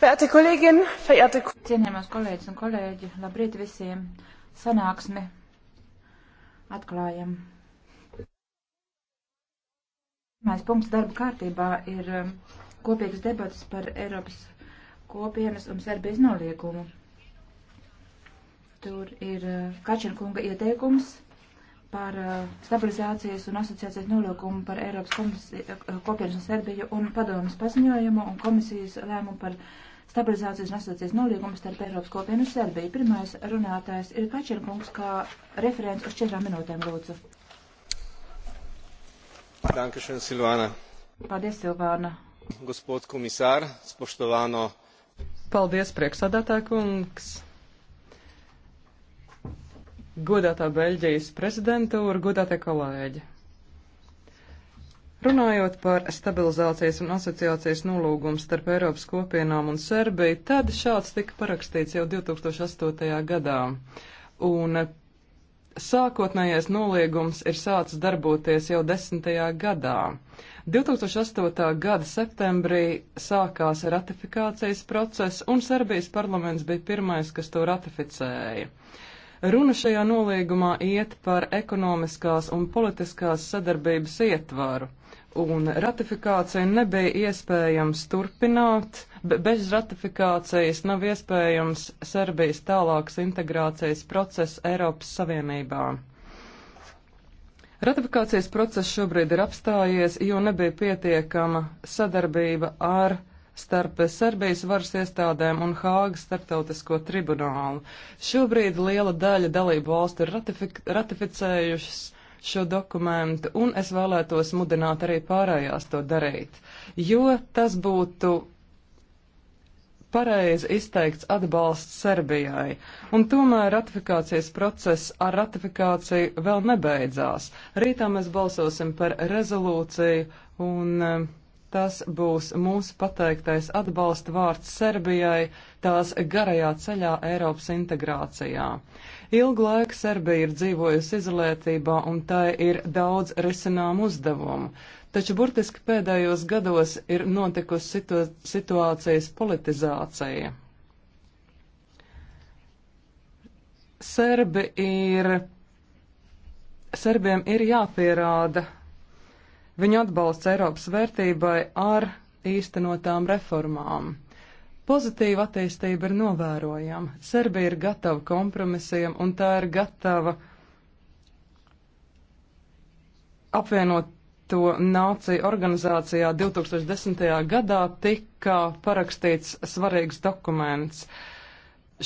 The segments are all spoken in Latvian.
Verehrte Kolleginnen, verehrte Cienījamās kolēģis un kolēģi, labrīt visiem! Sanāksmi atklājam. Pirmais punkts darba kārtībā ir um, kopīgas debatas par Eiropas kopienas un Serbijas noliegumu. Tur ir uh, Kačina kunga ieteikums par uh, stabilizācijas un asociācijas nolūkumu par Eiropas uh, kopienas un Serbiju un padomas paziņojumu un komisijas lēmumu par stabilizācijas un asociācijas nolīgumu starp Eiropas kopienu un Serbiju. Pirmais runātājs ir Kačerkungs, kā referents uz četrām minūtēm lūdzu. Dankašana Silvāna. Paldies, Silvāna. Gospod komisār, spoštovāno. Paldies, priekšsādātā kungs. Godātā Beļģijas prezidentūra, godātie kolēģi. Runājot par stabilizācijas un asociācijas nolūgumu starp Eiropas kopienām un Serbiju, tad šāds tika parakstīts jau 2008. gadā. Un sākotnējais noliegums ir sācis darboties jau 10. gadā. 2008. gada septembrī sākās ratifikācijas process, un Serbijas parlaments bija pirmais, kas to ratificēja. Runa šajā nolīgumā iet par ekonomiskās un politiskās sadarbības ietvaru un ratifikācija nebija iespējams turpināt. Be bez ratifikācijas nav iespējams Serbijas tālākas integrācijas process Eiropas Savienībā. Ratifikācijas process šobrīd ir apstājies, jo nebija pietiekama sadarbība ar starp Serbijas varas iestādēm un Hāgas starptautisko tribunālu. Šobrīd liela daļa dalību valstu ir ratific ratificējušas šo dokumentu, un es vēlētos mudināt arī pārējās to darīt, jo tas būtu pareizi izteikts atbalsts Serbijai, un tomēr ratifikācijas process ar ratifikāciju vēl nebeidzās. Rītā mēs balsosim par rezolūciju, un eh, Tas būs mūsu pateiktais atbalsta vārds Serbijai tās garajā ceļā Eiropas integrācijā. Ilgu laiku Serbija ir dzīvojusi izolētībā un tai ir daudz risinām uzdevumu, taču burtiski pēdējos gados ir notikusi situ situācijas politizācija. Serbi ir, serbiem ir jāpierāda viņu atbalsts Eiropas vērtībai ar īstenotām reformām. Pozitīva attīstība ir novērojama. Serbija ir gatava kompromisiem un tā ir gatava apvienot to nāciju organizācijā 2010. gadā tika parakstīts svarīgs dokuments.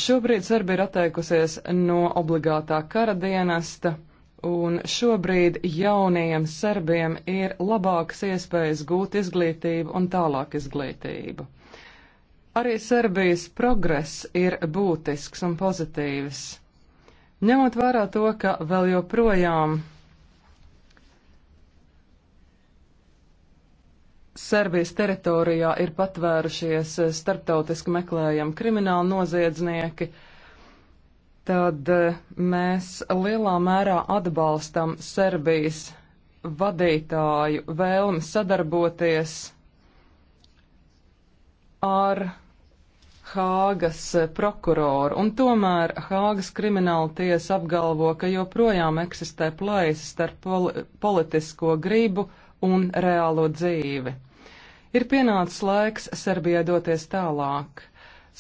Šobrīd Serbija ir atteikusies no obligātā kara dienesta un šobrīd jaunajiem serbiem ir labākas iespējas gūt izglītību un tālāk izglītību. Arī Serbijas progress ir būtisks un pozitīvs. Ņemot vērā to, ka vēl joprojām Serbijas teritorijā ir patvērušies starptautiski meklējami krimināli noziedznieki, uh, tad eh, mēs lielā mērā atbalstam Serbijas vadītāju vēlmi sadarboties ar Hāgas prokuroru, un tomēr Hāgas krimināla tiesa apgalvo, ka joprojām eksistē plaisa starp poli politisko gribu un reālo dzīvi. Ir pienācis laiks Serbijai doties tālāk.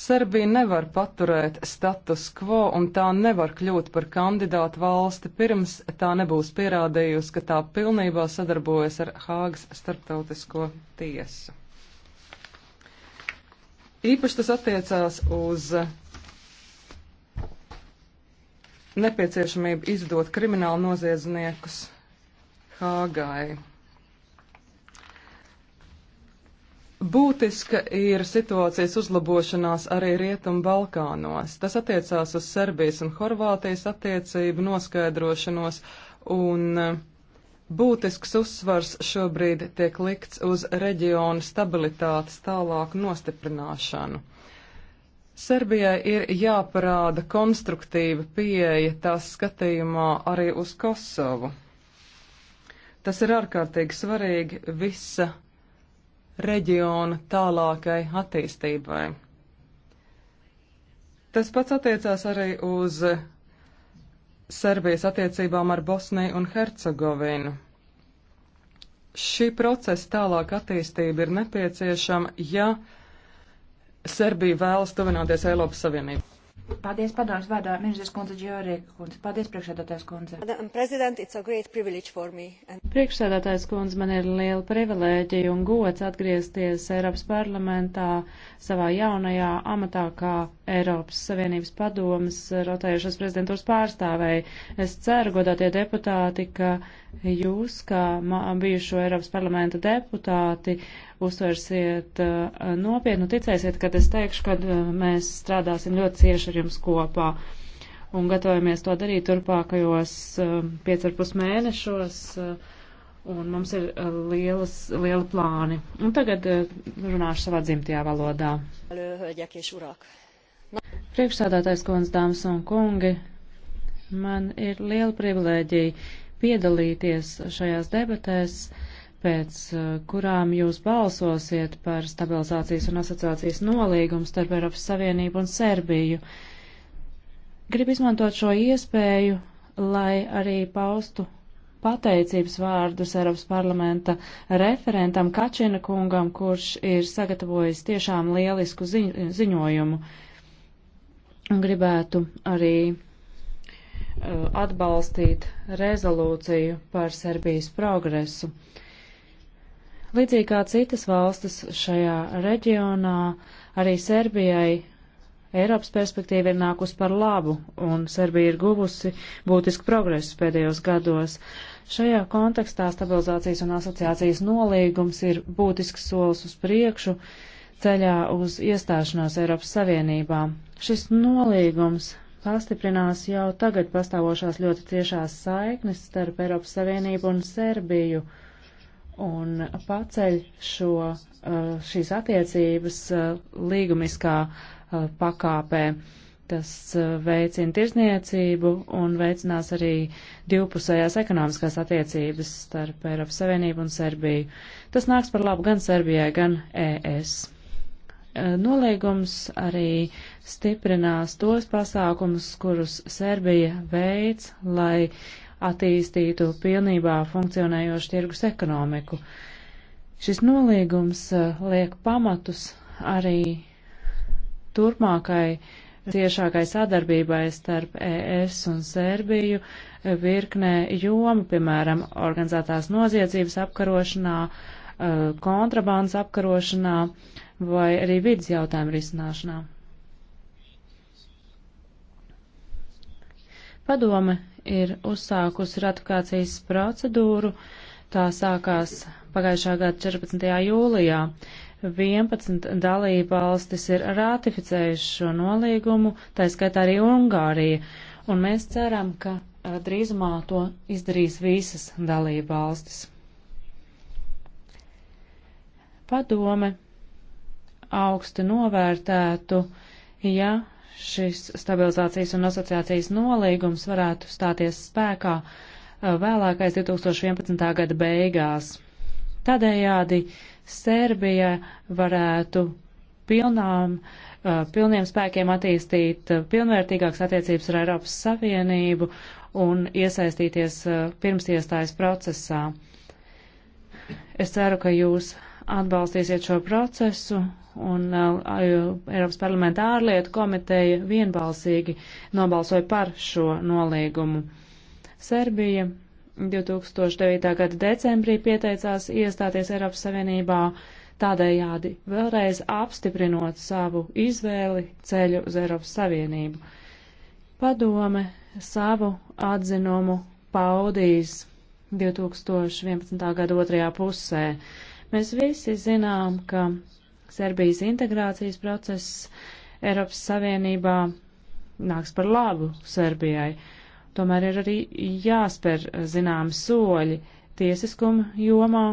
Serbija nevar paturēt status quo un tā nevar kļūt par kandidātu valsti pirms tā nebūs pierādījusi, ka tā pilnībā sadarbojas ar Hāgas starptautisko tiesu. Īpaši tas attiecās uz nepieciešamību izdot kriminālu noziedzniekus Hāgai. Būtiska ir situācijas uzlabošanās arī Rietumu Balkānos. Tas attiecās uz Serbijas un Horvātijas attiecību noskaidrošanos, un e, būtisks uzsvars šobrīd tiek likts uz reģionu stabilitātes tālāku nostiprināšanu. Serbijai ir jāparāda konstruktīva pieeja tās skatījumā arī uz Kosovu. Tas ir ārkārtīgi svarīgi visa reģiona tālākai attīstībai. Tas pats attiecās arī uz Serbijas attiecībām ar Bosniju un Hercegovinu. Šī procesa tālāk attīstība ir nepieciešama, ja Serbija vēlas tuvināties Eiropas Savienībai. Paldies, padoms vārdā, ministrs kundze Džorija kundze. Paldies, priekšsēdētājs kundze. And... Priekšsēdētājs kundze, man ir liela privilēģija un gods atgriezties Eiropas parlamentā savā jaunajā amatā kā Eiropas Savienības padomas rotējušas prezidentūras pārstāvēji. Es ceru, godātie deputāti, ka jūs, kā bijušo Eiropas parlamenta deputāti, uztversiet uh, nopietnu, ticēsiet, kad es teikšu, kad uh, mēs strādāsim ļoti cieši ar jums kopā un gatavojamies to darīt turpākajos 5,5 um, mēnešos. Uh, un mums ir lielas, liela plāni. Un tagad runāšu savā dzimtajā valodā. Priekšsādātais kundze, dāmas un kungi, man ir liela privilēģija piedalīties šajās debatēs, pēc uh, kurām jūs balsosiet par stabilizācijas un asociācijas nolīgumu starp Eiropas Savienību un Serbiju. Gribu izmantot šo iespēju, lai arī paustu pateicības vārdus Eiropas parlamenta referentam Kačina kungam, kurš ir sagatavojis tiešām lielisku ziņojumu. Un gribētu arī Uh, atbalstīt rezolūciju par Serbijas progresu. Līdzīgi kā citas valstis šajā reģionā, arī Serbijai Eiropas perspektīva ir nākus par labu, un Serbija ir guvusi būtisku progresu pēdējos gados. Šajā kontekstā stabilizācijas un asociācijas nolīgums ir būtisks solis uz priekšu ceļā uz iestāšanos Eiropas Savienībā. Šis nolīgums pastiprinās jau tagad pastāvošās ļoti ciešās saiknes starp Eiropas Savienību un Serbiju un paceļ šo, uh, šīs attiecības uh, līgumiskā uh, pakāpē. Tas veicina tirzniecību un veicinās arī divpusējās ekonomiskās attiecības starp Eiropas Savienību un Serbiju. Tas nāks par labu gan Serbijai, gan ES. Eh, nolīgums arī stiprinās tos pasākumus, kurus Serbija veids, lai attīstītu pilnībā funkcionējošu tirgus ekonomiku. Šis nolīgums eh, liek pamatus arī turpmākai ciešākai sadarbībai starp ES un Serbiju eh, virknē jomu, piemēram, organizētās noziedzības apkarošanā, uh, Uh, kontrabandas apkarošanā vai arī vidas jautājumu risināšanā. Padome ir uzsākusi ratifikācijas procedūru. Tā sākās pagājušā gada 14. jūlijā. 11 dalība valstis ir ratificējuši šo nolīgumu, tā skaitā arī Ungārija, un mēs ceram, ka uh, drīzumā to izdarīs visas dalība valstis. Padome augsti novērtētu, ja šis stabilizācijas un asociācijas nolīgums varētu stāties spēkā uh, vēlākais 2011. gada beigās. Tādējādi Serbija varētu pilnām, uh, pilniem spēkiem attīstīt uh, pilnvērtīgākas attiecības ar Eiropas Savienību un iesaistīties pirms iestājas procesā. Es ceru, ka jūs atbalstīsiet šo procesu, un uh, Eiropas parlamenta ārlietu komiteja vienbalsīgi nobalsoja par šo nolīgumu. Serbija 2009. gada decembrī pieteicās iestāties Eiropas Savienībā, tādējādi vēlreiz apstiprinot savu izvēli ceļu uz Eiropas Savienību. Padome savu atzinumu paudīs 2011. gada otrajā pusē. Mēs visi zinām, ka Serbijas integrācijas process Eiropas Savienībā nāks par labu Serbijai. Tomēr ir arī jāspēr zinām soļi tiesiskuma jomā.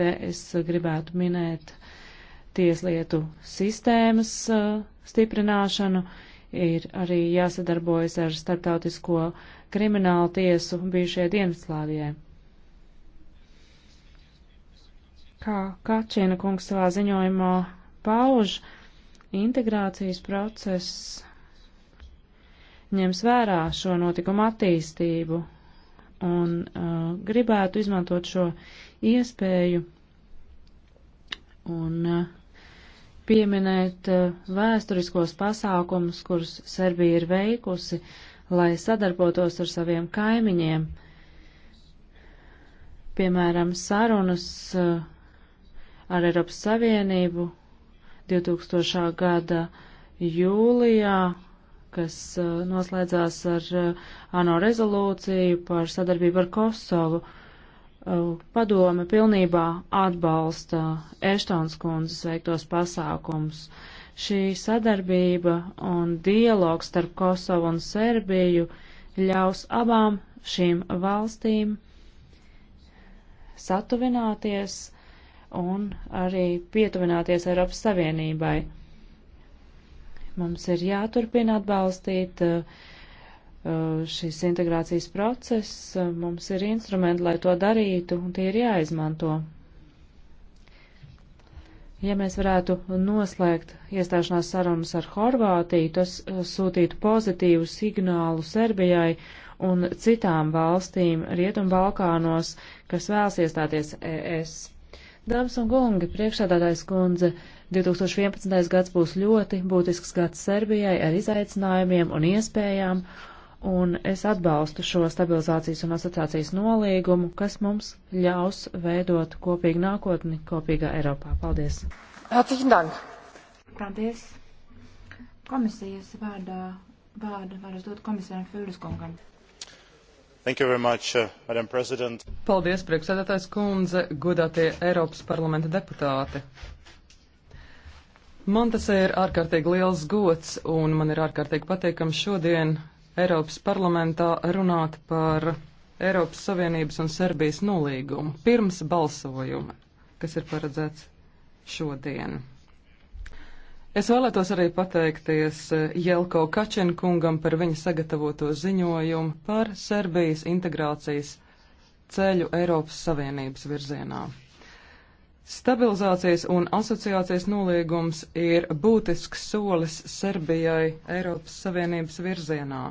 Te es gribētu minēt tieslietu sistēmas uh, stiprināšanu, ir arī jāsadarbojas ar starptautisko kriminālu tiesu bijušajai Dienvidslāvijai. Kā Kačina kungs savā ziņojumā pauž, integrācijas process ņems vērā šo notikumu attīstību un uh, gribētu izmantot šo iespēju un uh, pieminēt uh, vēsturiskos pasākumus, kurus Serbija ir veikusi, lai sadarbotos ar saviem kaimiņiem. Piemēram, sarunas uh, ar Eiropas Savienību 2000. gada jūlijā, kas uh, noslēdzās ar uh, ANO rezolūciju par sadarbību ar Kosovu. Uh, padome pilnībā atbalsta Eštons kundzes veiktos pasākums. Šī sadarbība un dialogs starp Kosovu un Serbiju ļaus abām šīm valstīm satuvināties un arī pietuvināties Eiropas Savienībai. Mums ir jāturpina atbalstīt uh, uh, šis integrācijas process, mums ir instrumenti, lai to darītu, un tie ir jāizmanto. Ja mēs varētu noslēgt iestāšanās sarunas ar Horvātiju, tas uh, sūtītu pozitīvu signālu Serbijai un citām valstīm Rietumbalkānos, kas vēlas iestāties ES. Dāmas un kungi, priekšsādātājs kundze, 2011. gads būs ļoti būtisks gads Serbijai ar izaicinājumiem un iespējām, un es atbalstu šo stabilizācijas un asociācijas nolīgumu, kas mums ļaus veidot kopīgu nākotni kopīgā Eiropā. Paldies! Herzlichen Dank! Paldies! Komisijas vārdā vārdu var uzdot komisāram Fūriskungam. Much, uh, madam president paldies priekšsēdētājas kundze godātie eiropas parlamenta deputāti man tas ir ārkārtīgi liels gods un man ir ārkārtīgi pateikami šodien eiropas parlamentā runāt par Eiropas Savienības un Serbijas nolīgumu pirms balsojuma, kas ir paredzēts šodien. Es vēlētos arī pateikties eh, Jelko Kačin kungam par viņa sagatavoto ziņojumu par Serbijas integrācijas ceļu Eiropas Savienības virzienā. Stabilizācijas un asociācijas noliegums ir būtisks solis Serbijai Eiropas Savienības virzienā.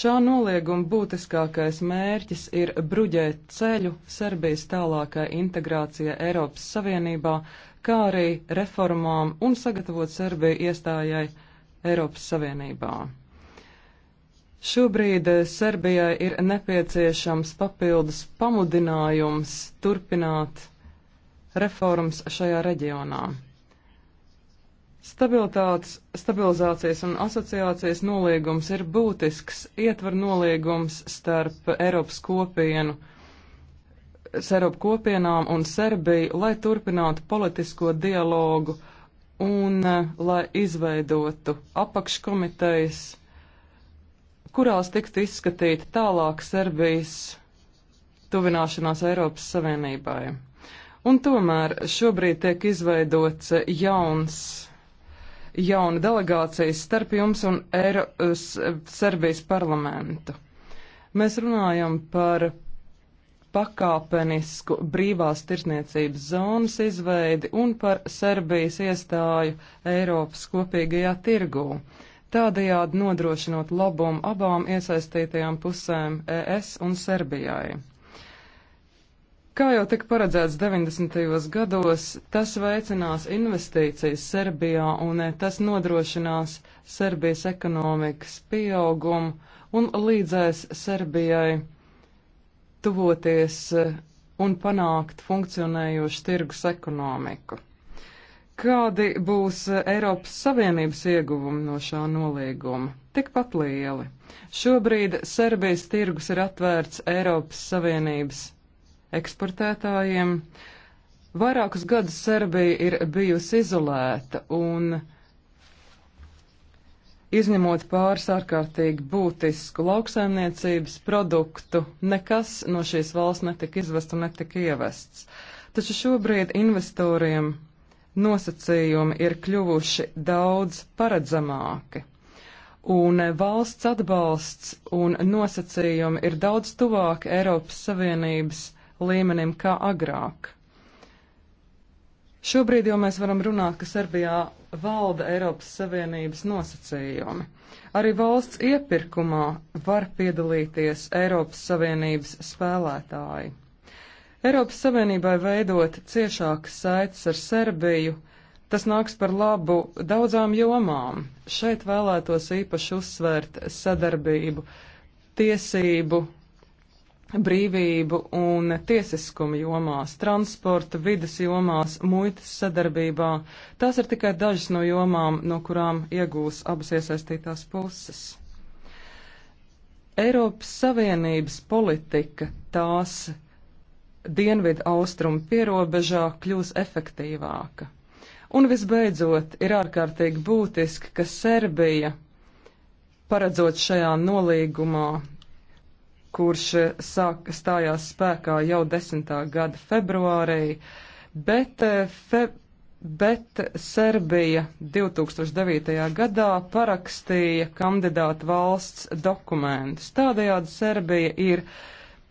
Šā nolieguma būtiskākais mērķis ir bruģēt ceļu Serbijas tālākai integrācijai Eiropas Savienībā, kā arī reformām un sagatavot Serbiju iestājai Eiropas Savienībā. Šobrīd Serbijai ir nepieciešams papildus pamudinājums turpināt reformas šajā reģionā. Stabilitātes, stabilizācijas un asociācijas nolīgums ir būtisks ietver nolīgums starp Eiropas kopienu Serbu kopienām un Serbiju, lai turpinātu politisko dialogu un eh, lai izveidotu apakškomitejas, kurās tiktu izskatīta tālāk Serbijas tuvināšanās Eiropas Savienībai. Un tomēr šobrīd tiek izveidots jauns, jauna delegācijas starp jums un Eiro, Serbijas parlamentu. Mēs runājam par pakāpenisku brīvās tirsniecības zonas izveidi un par Serbijas iestāju Eiropas kopīgajā tirgū, tādējādi nodrošinot labumu abām iesaistītajām pusēm ES un Serbijai. Kā jau tika paredzēts 90. gados, tas veicinās investīcijas Serbijā un eh, tas nodrošinās Serbijas ekonomikas pieaugumu un līdzēs Serbijai tuvoties eh, un panākt funkcionējošu tirgus ekonomiku. Kādi būs eh, Eiropas Savienības ieguvumi no šā nolīguma? Tikpat lieli. Šobrīd Serbijas tirgus ir atvērts Eiropas Savienības eksportētājiem. Vairākus gadus Serbija ir bijusi izolēta un izņemot pāris ārkārtīgi būtisku lauksaimniecības produktu, nekas no šīs valsts netika izvests un netika ievests. Taču šobrīd investoriem nosacījumi ir kļuvuši daudz paredzamāki, un valsts atbalsts un nosacījumi ir daudz tuvāki Eiropas Savienības līmenim kā agrāk. Šobrīd jau mēs varam runāt, ka Serbijā valda Eiropas Savienības nosacījumi. Arī valsts iepirkumā var piedalīties Eiropas Savienības spēlētāji. Eiropas Savienībai veidot ciešākas saites ar Serbiju, tas nāks par labu daudzām jomām. Šeit vēlētos īpaši uzsvērt sadarbību, tiesību brīvību un tiesiskumu jomās, transporta, vidas jomās, muitas sadarbībā. Tās ir tikai dažas no jomām, no kurām iegūs abas iesaistītās puses. Eiropas Savienības politika tās dienvidu austrumu pierobežā kļūs efektīvāka. Un visbeidzot, ir ārkārtīgi būtiski, ka Serbija, paredzot šajā nolīgumā kurš eh, sāk, stājās spēkā jau 10. gada februārī, bet, eh, fe, bet Serbija 2009. gadā parakstīja kandidātu valsts dokumentus. Tādējādi Serbija ir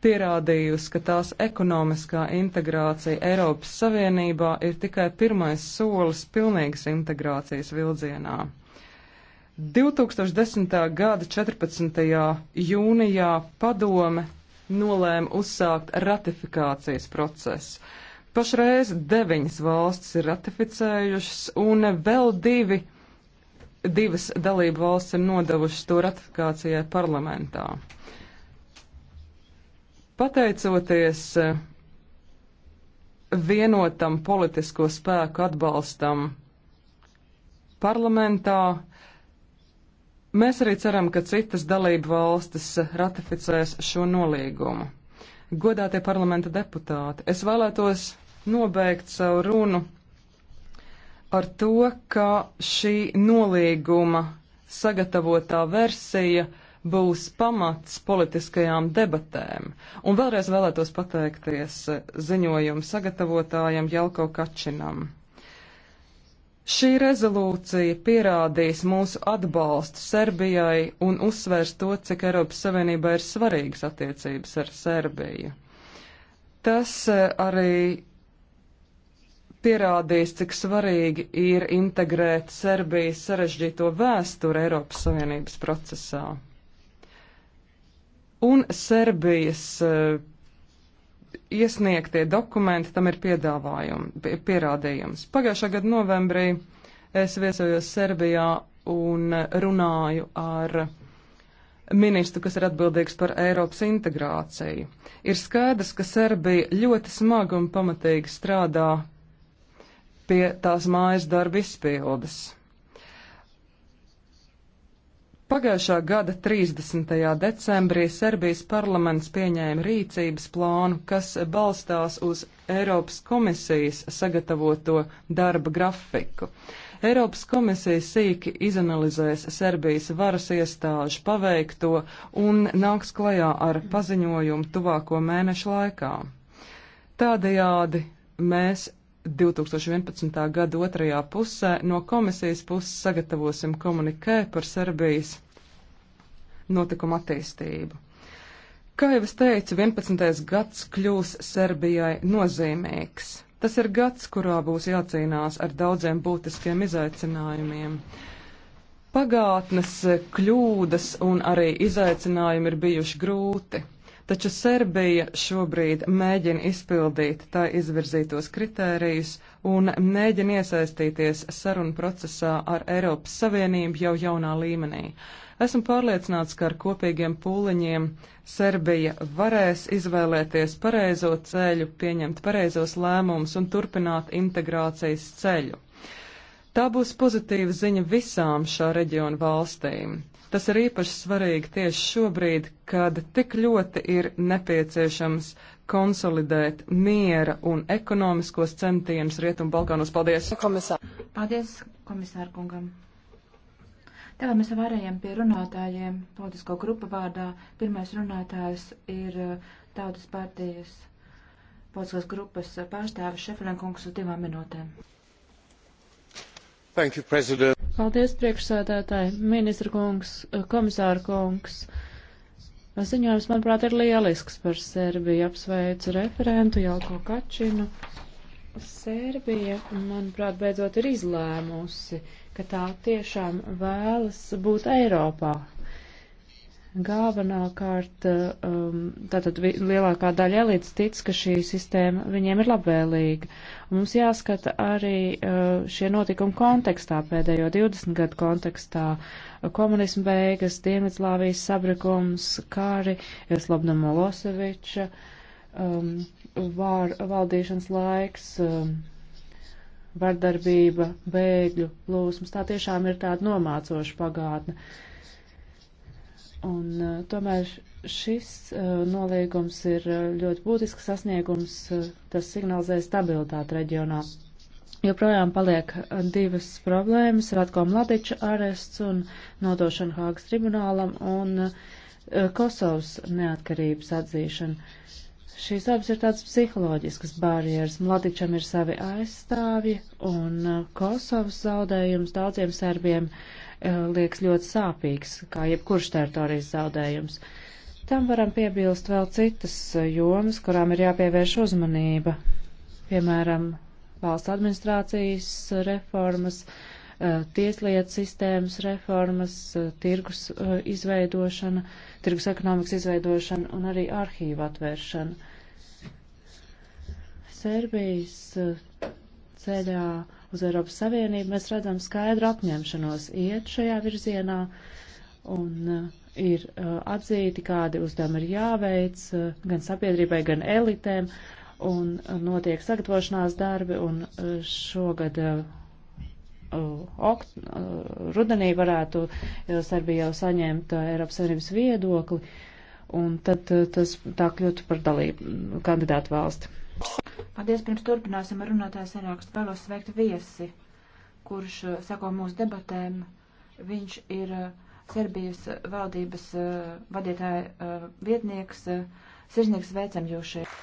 pierādījusi, ka tās ekonomiskā integrācija Eiropas Savienībā ir tikai pirmais solis pilnīgas integrācijas vildzienā. 2010. gada 14. jūnijā padome nolēma uzsākt ratifikācijas procesu. Pašreiz deviņas valstis ir ratificējušas, un vēl divi, divas dalību valstis ir nodevušas to ratifikācijai parlamentā. Pateicoties eh, vienotam politisko spēku atbalstam parlamentā, Mēs arī ceram, ka citas dalību valstis ratificēs šo nolīgumu. Godātie parlamenta deputāti, es vēlētos nobeigt savu runu ar to, ka šī nolīguma sagatavotā versija būs pamats politiskajām debatēm. Un vēlreiz vēlētos pateikties ziņojumu sagatavotājam Jelko Kačinam. Šī rezolūcija pierādīs mūsu atbalstu Serbijai un uzsvērs to, cik Eiropas Savienībā ir svarīgas attiecības ar Serbiju. Tas eh, arī pierādīs, cik svarīgi ir integrēt Serbijas sarežģīto vēsturi Eiropas Savienības procesā. Un Serbijas eh, iesniegtie dokumenti tam ir pierādījums. Pagājušā gada novembrī es viesojos Serbijā un runāju ar ministru, kas ir atbildīgs par Eiropas integrāciju. Ir skaidrs, ka Serbija ļoti smagi un pamatīgi strādā pie tās mājas darba izpildes. Pagājušā gada 30. decembrī Serbijas parlaments pieņēma rīcības plānu, kas balstās uz Eiropas komisijas sagatavoto darba grafiku. Eiropas komisija sīki izanalizēs Serbijas varas iestāžu paveikto un nāks klajā ar paziņojumu tuvāko mēnešu laikā. Tādējādi mēs 2011. gada otrajā pusē no komisijas puses sagatavosim komunikē par Serbijas notikumu attīstību. Kā jau es teicu, 11. gads kļūs Serbijai nozīmīgs. Tas ir gads, kurā būs jācīnās ar daudziem būtiskiem izaicinājumiem. Pagātnes kļūdas un arī izaicinājumi ir bijuši grūti, Taču Serbija šobrīd mēģina izpildīt tā izvirzītos kritērijus un mēģina iesaistīties sarunu procesā ar Eiropas Savienību jau jaunā līmenī. Esmu pārliecināts, ka ar kopīgiem pūliņiem Serbija varēs izvēlēties pareizo ceļu, pieņemt pareizos lēmumus un turpināt integrācijas ceļu. Tā būs pozitīva ziņa visām šā reģiona valstīm. Tas ir īpaši svarīgi tieši šobrīd, kad tik ļoti ir nepieciešams konsolidēt miera un ekonomiskos centienus Rietumbalkānos. Paldies! Komisār. Paldies komisārkungam! Tagad mēs varējām pie runātājiem politisko grupu vārdā. Pirmais runātājs ir uh, Tautas partijas politiskās grupas uh, pārstāvis Šefrenkungs uz divām minūtēm. Thank you, President. Paldies, priekšsēdētāji, ministra kungs, komisāra kungs. Ziņojums, manuprāt, ir lielisks par Serbiju. Apsveicu referentu Jelko Kačinu. Serbija, manuprāt, beidzot ir izlēmusi, ka tā tiešām vēlas būt Eiropā, galvenākārt, um, tātad lielākā daļa elites tic, ka šī sistēma viņiem ir labvēlīga. Un mums jāskata arī uh, šie notikumi kontekstā, pēdējo 20 gadu kontekstā. Komunismu beigas, Dienvidslāvijas sabrikums, kāri, Slobna Moloseviča, um, vār, valdīšanas laiks. Um, Vardarbība, bēgļu plūsmas, tā tiešām ir tāda nomācoša pagātne. Uh, Un uh, tomēr šis uh, nolīgums ir uh, ļoti būtisks sasniegums, uh, tas signalizē stabilitāti reģionā. Joprojām paliek uh, divas problēmas - Ratko Mladiča arests un nodošana Hāgas tribunālam un uh, Kosovas neatkarības atzīšana. Šīs abas ir tādas psiholoģiskas barjeras. Mladičam ir savi aizstāvji un uh, Kosovas zaudējums daudziem serbiem. Uh, Eh, liekas ļoti sāpīgs, kā jebkurš teritorijas zaudējums. Tam varam piebilst vēl citas eh, jomas, kurām ir jāpievērš uzmanība. Piemēram, valsts administrācijas reformas, eh, tieslietu sistēmas reformas, tirgus izveidošana, tirgus ekonomikas izveidošana un arī arhīvu atvēršana. Serbijas ceļā uz Eiropas Savienību, mēs redzam skaidru apņemšanos iet šajā virzienā un uh, ir uh, atzīti, kādi uzdevumi ir jāveic uh, gan sabiedrībai, gan elitēm un uh, notiek sagatavošanās darbi un uh, šogad. Uh, uh Okt, uh, rudenī varētu uh, Serbija jau saņemt Eiropas Savienības viedokli, un tad tas tā kļūtu par dalību kandidātu valsti. Paldies, pirms turpināsim ar runātāju sarakstu. Vēlos sveikt viesi, kurš eh, sako mūsu debatēm. Viņš ir eh, Serbijas eh, valdības vadītāja vietnieks. Sirsnīgs veicam jūs šeit.